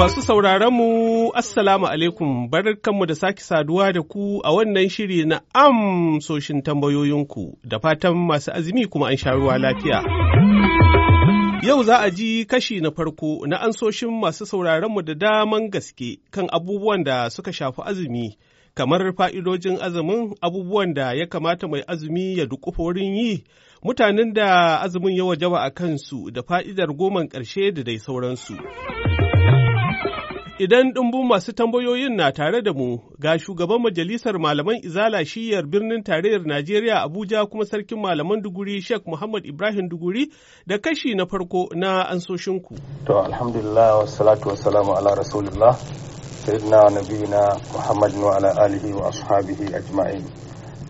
Masu mu Assalamu alaikum, barkanmu da sake saduwa da ku a wannan shiri na amsoshin tambayoyinku da fatan masu azumi kuma an sha ruwa lafiya. Yau za a ji kashi na farko na ansoshin masu mu da daman gaske kan abubuwan da suka shafi azumi, kamar fa'idojin azumin abubuwan da ya kamata mai azumi ya dukufa wurin yi, mutanen da azumin ya wajaba a kansu da fa'idar goman ƙarshe da dai sauransu. Idan ɗumbun masu tambayoyin na tare da mu ga shugaban majalisar malaman izala shiyar birnin tarayyar Najeriya Abuja kuma sarkin malaman duguri Sheikh Muhammad Ibrahim duguri da kashi na farko na ansoshinku. To alhamdulillah wassalatu wassalamu ala rasulillah sayyidina nabiyina Muhammad wa ala alihi wa ashabihi ajma'in.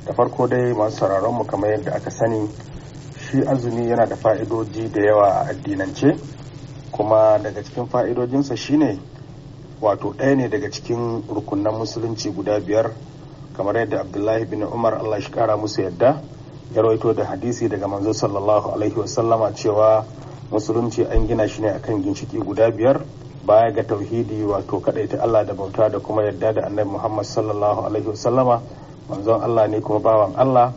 Da farko dai masu sauraron mu kamar yadda aka sani shi azumi yana da fa'idoji da yawa a addinance kuma daga cikin fa'idojinsa shine wato ɗaya ne daga cikin rukunan musulunci guda biyar kamar yadda abdullahi bin umar allah shi kara musu yadda ya rawaito da hadisi daga manzo sallallahu alaihi wasallama cewa musulunci an gina shi ne akan ginshiki guda biyar baya ga tauhidi wato ta allah da bauta da kuma yadda da annabi muhammad sallallahu alaihi wasallama manzon allah ne kuma bawan allah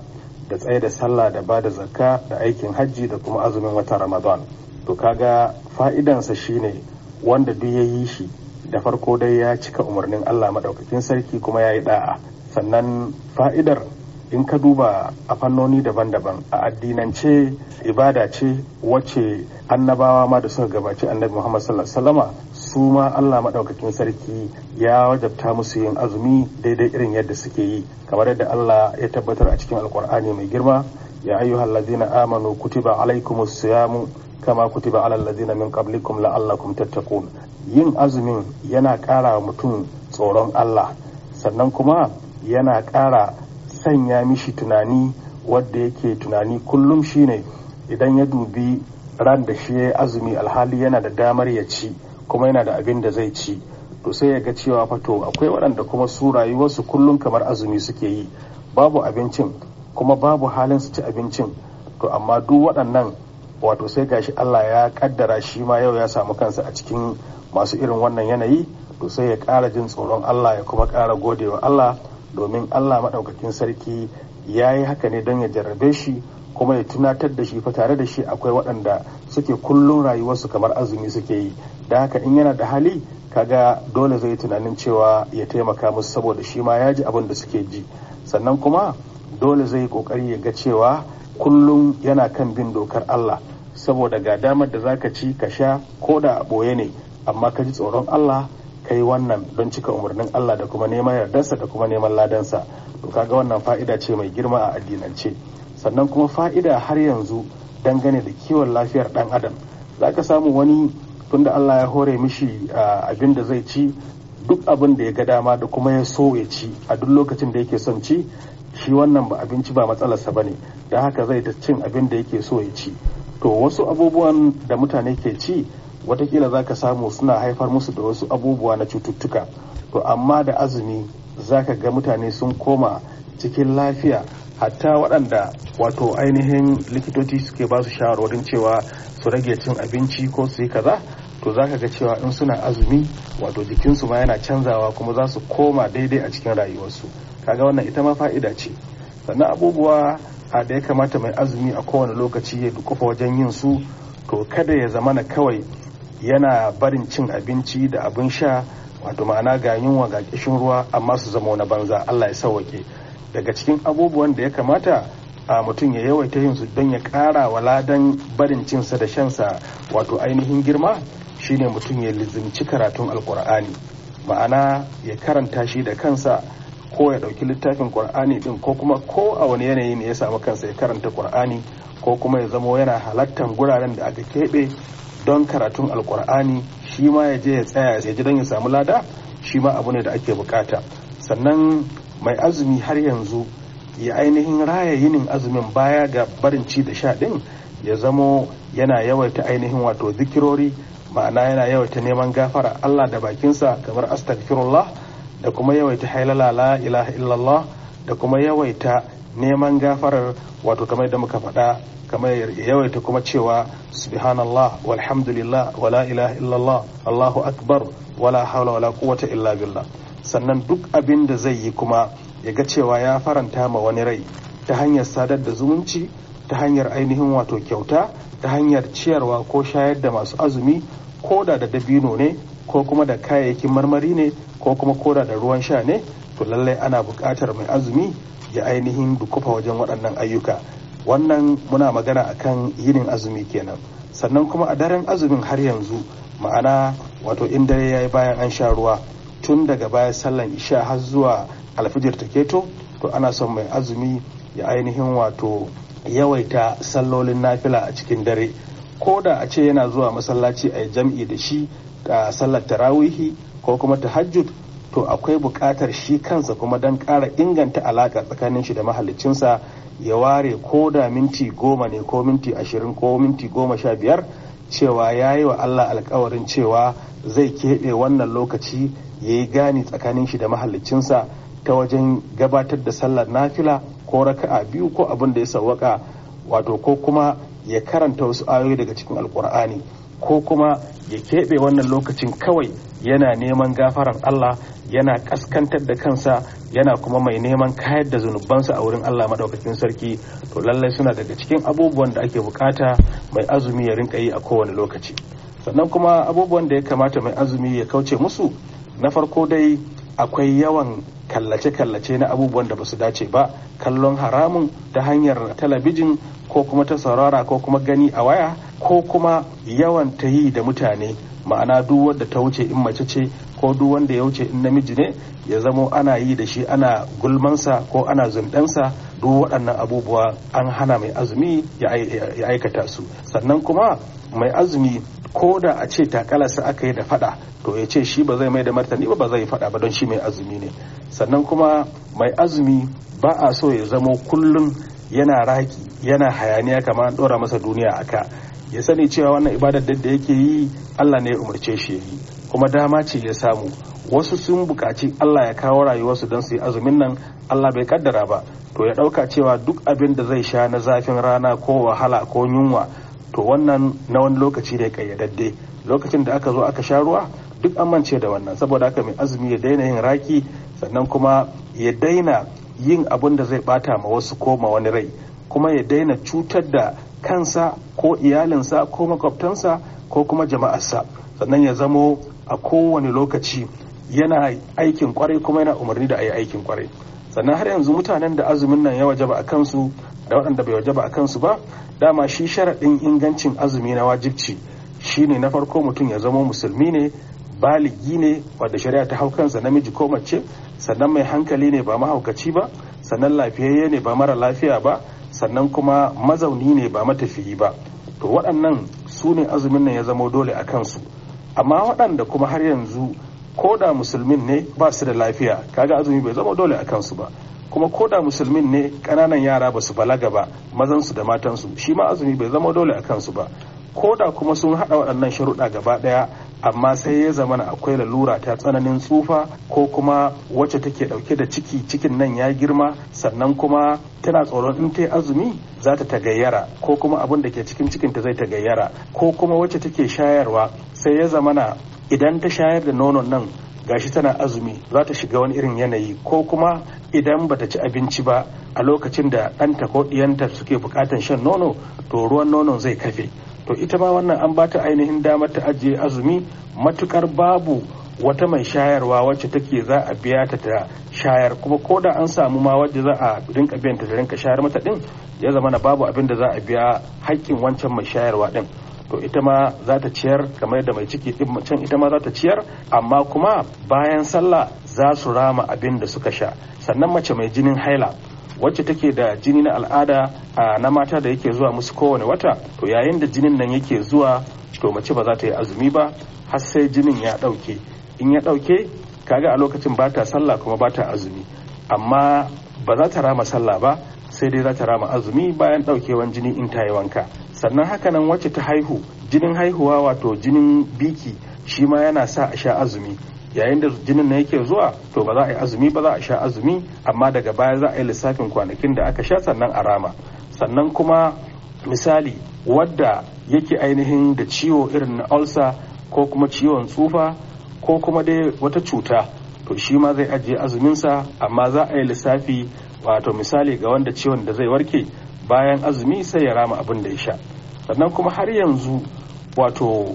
da tsaye da sallah da ba da zakka da aikin hajji da kuma azumin wata ramadan to kaga fa'idansa shine wanda duk ya yi shi da farko dai ya cika umarnin Allah maɗaukakin sarki kuma ya yi ɗa'a sannan fa'idar in ka duba a fannoni daban-daban a addinance ibada ce wacce annabawa ma da suka gabaci annabi Muhammad sallallahu alaihi wasallama su ma Allah maɗaukakin sarki ya wajabta musu yin azumi daidai irin yadda suke yi kamar yadda Allah ya tabbatar a cikin alkur'ani mai girma ya lazina amanu kutiba alaikumus siyamu kama kutiba alal ladina min qablikum la'allakum tattaqun yin azumin yana ƙara mutum tsoron Allah sannan kuma yana ƙara sanya mishi tunani wadda yake tunani kullum shine idan ya dubi ran da shi ya azumi alhali yana da damar ya ci kuma yana da abin da zai ci to sai ya ga cewa fato akwai waɗanda kuma su rayuwarsu kullum kamar azumi suke yi babu abincin kuma babu halin su ci abincin to amma duk waɗannan wato sai gashi Allah ya kaddara shi ma yau ya samu kansa a cikin masu irin wannan yanayi to sai ya ƙara jin tsoron Allah ya kuma ƙara godewa Allah domin Allah maɗaukakin sarki ya yi haka ne don ya jarrabe shi kuma ya tunatar da shi fa tare da shi akwai waɗanda suke kullum rayuwarsu kamar azumi suke yi da haka in yana da hali kaga dole zai tunanin cewa ya taimaka musu saboda shi ma ya ji abin da suke ji sannan kuma dole zai ƙoƙari ya ga cewa kullum yana kan bin dokar Allah saboda ga damar da za ka ci ka sha ko da boye ne amma ka ji tsoron Allah ka yi wannan don cika umarnin Allah da kuma neman yardarsa da kuma neman ladansa to kaga wannan fa'ida ce mai girma a addinance sannan kuma fa'ida har yanzu dangane da kiwon lafiyar ɗan adam zaka samu wani tunda Allah ya hore mishi abin da zai ci duk abin da ya ga dama da kuma ya so ya ci a duk lokacin da yake son ci shi wannan ba abinci ba matsalarsa ba ne da haka zai ta cin abin da yake so ya ci to wasu abubuwan da mutane ke ci watakila za ka samu suna haifar musu da wasu abubuwa na cututtuka to amma da azumi za ka ga mutane sun koma cikin lafiya hatta waɗanda wato ainihin likitoci suke ba su shawarwarin cewa su rage cin abinci ko su yi kaza to za ka ga cewa in suna azumi wato jikinsu ma yana canzawa kuma za su koma daidai a cikin rayuwarsu kaga wannan ita ma fa'ida ce sannan abubuwa a da ya kamata mai azumi a kowane lokaci ya dukufa wajen yin su to kada ya zamana kawai yana barin cin abinci da abin sha wato ma'ana ga yunwa ga kishin ruwa amma su zama wani banza Allah ya sauwake daga cikin abubuwan da ya kamata a mutum ya yawaita yin su don ya ƙara wa ladan barin cinsa da shansa wato ainihin girma shine mutum ya lizimci karatun alkur'ani ma'ana ya karanta shi da kansa ko ya ɗauki littafin qur'ani ɗin ko kuma ko a wani yanayi ne ya samu kansa ya karanta qur'ani ko kuma ya zamo yana halattan guraren da aka keɓe don karatun alkur'ani shi ma ya je ya tsaya ya ji don ya samu lada shi ma abu ne da ake bukata sannan mai azumi har yanzu ya ainihin raya yinin azumin baya ga barin ci da sha ɗin ya zamo yana yawaita ainihin wato zikirori ma'ana yana yawaita neman gafara Allah da bakinsa kamar astagfirullah da kuma yawaita hailala la ilaha illallah da kuma yawaita neman gafarar wato kamar da muka faɗa kamar yawaita kuma cewa subhanallah walhamdulillah wala ilaha illallah allahu akbar wala hawla wala quwwata illa billah sannan duk abin da zai yi kuma ya ga cewa ya faranta ma wani rai ta hanyar sadar da zumunci ta hanyar ainihin wato kyauta ta hanyar ciyarwa ko shayar da masu azumi ko da da dabino ne ko kuma da kayayyakin marmari ne ko kuma koda da ruwan sha ne to lallai ana buƙatar mai azumi ya ainihin dukufa wajen waɗannan ayyuka wannan muna magana a kan yinin azumi kenan sannan kuma a daren azumin har yanzu ma'ana wato in dare ya yi bayan an sha ruwa tun daga baya sallan isha har zuwa alfijir ta keto to ana son mai azumi ya ainihin wato yawaita sallolin nafila a cikin dare Koda da a ce yana zuwa masallaci a jam'i da shi a sallar tarawihi ko kuma tahajjud to akwai buƙatar shi kansa kuma don ƙara inganta alaƙa tsakanin shi da mahalicinsa ya ware ko da minti goma ne ko minti ashirin ko minti goma sha biyar cewa ya yi wa Allah alkawarin cewa zai keɓe wannan lokaci ya yi gani tsakanin shi da mahallicinsa ta wajen gabatar da sallar nafila ko raka'a biyu ko abin da ya sawwaka wato ko kuma ya karanta wasu ayoyi daga cikin alkur'ani ko kuma ya keɓe wannan lokacin kawai yana neman gafaran Allah yana kaskantar da kansa yana kuma mai neman kayar da zunubansa a wurin Allah madaukakin sarki to lallai suna daga cikin abubuwan da ake bukata mai azumi ya rinka yi a kowane lokaci sannan kuma abubuwan da ya kamata mai azumi ya kauce musu na farko dai akwai yawan kallace-kallace na abubuwan da ba su dace ba kallon haramun ta hanyar talabijin ko kuma ta saurara ko kuma gani a waya ko kuma yawan ta yi da mutane ma'ana duk wanda ta wuce in mace ce ko duk wanda ya wuce in namiji ne ya zamo ana yi da shi ana gulmansa ko ana zundansa duk waɗannan abubuwa an hana mai azumi ya aikata su sannan kuma mai azumi ko da a ce takalarsa aka yi da fada to ya ce shi ba zai mai da martani ba ba zai fada ba don shi mai azumi ne sannan kuma mai azumi ba a so ya zamo kullum yana raki yana hayaniya kamar an ɗora masa duniya aka ya sani cewa wannan ibadar da yake yi Allah ne ya umarce shi yi kuma dama ce ya samu wasu sun buƙaci Allah ya kawo rayuwarsu don su yi azumin nan Allah bai kaddara ba to ya ɗauka cewa duk abin da zai sha na zafin rana ko wahala ko yunwa to wannan na wani lokaci da ya kayyadadde lokacin da aka zo aka sha ruwa duk an mance da wannan saboda aka mai azumi ya daina yin raki sannan kuma ya daina yin abin da zai bata ma wasu ko ma wani rai kuma ya daina cutar da kansa ko iyalinsa ko makwabtansa ko kuma jama'arsa sannan ya zamo a kowane lokaci yana aikin kwarai kuma yana umarni da a yi aikin kwarai sannan har yanzu mutanen da azumin nan ya waje ba a kansu da waɗanda bai waje ba a kansu ba dama shi sharaɗin ingancin azumi na wajibci shine na farko mutum ya zamo musulmi ne baligi ne wadda shari'a ta hau kansa namiji ko mace sannan mai hankali ne ba mahaukaci ba sannan lafiyayye ne ba mara lafiya ba sannan kuma mazauni ne ba matafiyi ba to waɗannan su ne azumin nan ya zamo dole a kansu amma waɗanda kuma har yanzu ko da musulmin ne ba su da lafiya kaga azumi bai zama dole a kansu ba kuma ko da musulmin ne ƙananan yara ba su balaga ba mazansu da matansu shi ma azumi bai zama dole a kansu ba ko da kuma sun haɗa waɗannan sharuɗa gaba ɗaya amma sai ya zamana akwai lalura ta tsananin tsufa ko kuma wacce take dauke da ciki cikin nan ya girma sannan kuma tana tsoron in ta azumi za ta tagayyara ko kuma abin da ke cikin cikinta zai tagayyara ko kuma wacce take shayarwa sai ya zamana idan ta shayar da nonon nan gashi tana azumi za ta shiga wani irin yanayi ko kuma idan bata ci abinci ba a lokacin da ɗanta ko ɗiyanta suke bukatan shan nono to ruwan nonon zai kafe to ita ma wannan an ba ta ainihin damar ta ajiye azumi matukar babu wata mai shayarwa wacce take za a biya ta ta shayar kuma ko da an samu ma wacce za a rinka biyan ta rinka shayar mata din ya zama na babu abin da za a biya haƙƙin wancan mai shayarwa din to ita ma za ta ciyar kamar da mai ciki din can ita ma za ta ciyar amma kuma bayan sallah za su rama abin da suka sha sannan mace mai jinin haila wacce take da jini na al'ada na mata da yake zuwa musu kowane wata to yayin da jinin nan yake zuwa to mace ba za ta yi azumi ba har sai jinin ya ɗauke in ya ɗauke kaga a lokacin ba ta sallah kuma ba ta azumi amma ba za ta rama sallah ba sai dai za ta rama azumi bayan ɗaukewan jini in ta yi wanka sannan haka nan wacce ta haihu jinin haihuwa wato jinin biki shi ma yana sa a sha azumi yayin da jinin na yake zuwa to ba za a yi azumi ba za a sha azumi amma daga baya za a yi lissafin kwanakin da aka sha sannan a rama sannan kuma misali wadda yake ainihin da ciwo irin na ulcer ko kuma ciwon tsufa ko kuma dai wata cuta to shi ma zai ajiye azuminsa amma za a yi lissafi wato misali ga wanda ciwon da zai warke bayan azumi sai ya rama abin da ya sha sannan kuma har yanzu wato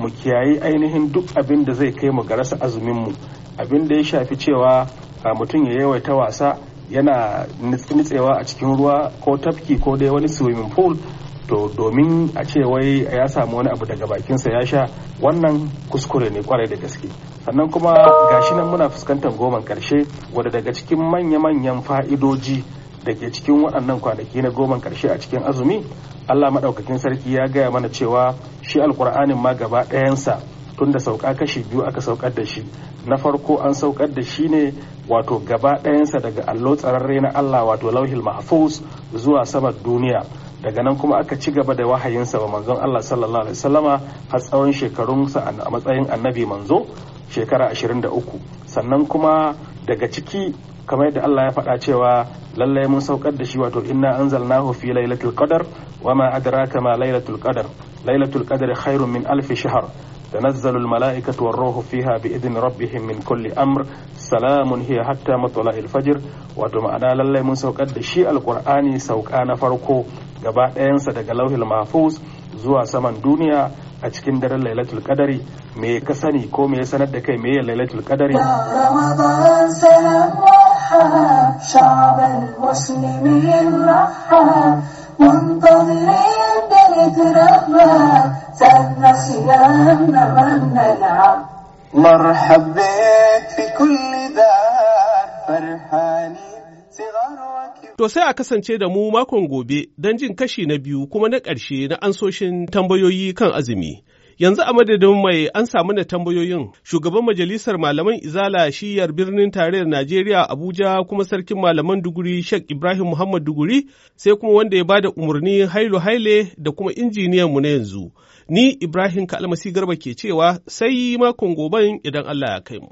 mu kiyayi ainihin duk abin da zai kai mu ga rasa azuminmu abin da ya shafi cewa mutum ya yawaita wasa yana nitsewa a cikin ruwa ko tafki ko dai wani swimming pool to domin a ce wai ya samu wani abu daga bakinsa ya sha wannan kuskure ne kwarai da gaske sannan kuma gashi nan muna fuskantar goma karshe wadda daga cikin manya-manyan fa'idoji da ke cikin waɗannan kwanaki na goma ƙarshe a cikin azumi allah maɗaukakin sarki ya gaya mana cewa shi alkur'anin ma gaba ɗayansa tun da sauka kashi biyu aka saukar da shi na farko an saukar da shi ne wato gaba ɗayansa daga allo tsararre na allah wato lauhil mahfuz zuwa samar duniya daga nan kuma aka ci gaba da wahayinsa wa manzon allah sallallahu alaihi wasallama har tsawon shekarunsa a matsayin annabi manzo shekara 23 sannan kuma daga ciki kamar da Allah ya faɗa cewa lallai mun saukar da shi wato inna anzalnahu fi lailatul qadar wa ma adraka ma lailatul qadar lailatul qadar khairun min alf shahr tanazzalu al malaikatu war ruhu fiha bi idni rabbihim min kulli amr salamun hiya hatta matla'il fajr wato ma'ana lallai mun saukar da shi alkur'ani sauka na farko gaba ɗayansa daga lauhil mahfuz zuwa saman duniya a cikin daren lailatul qadari me ka sani ko me ya sanar da kai me ya lailatul qadari شعب المسلمين رحى منتظرين بنتربى سنة سيامنا من نلعب مرحب بك في كل دار فرحاني To sai a kasance da mu makon gobe don jin kashi na biyu kuma na ƙarshe na ansoshin tambayoyi kan azumi. Yanzu a madadin mai an samu da tambayoyin shugaban majalisar malaman izala shiyar birnin tarayyar Najeriya Abuja kuma sarkin malaman duguri Sheikh Ibrahim Muhammad duguri sai kuma wanda ya bada umarni Hailu Haile da kuma injiniyan mu na yanzu. Ni Ibrahim Kalmasi Garba ke cewa sai makon goben idan Allah ya kai mu.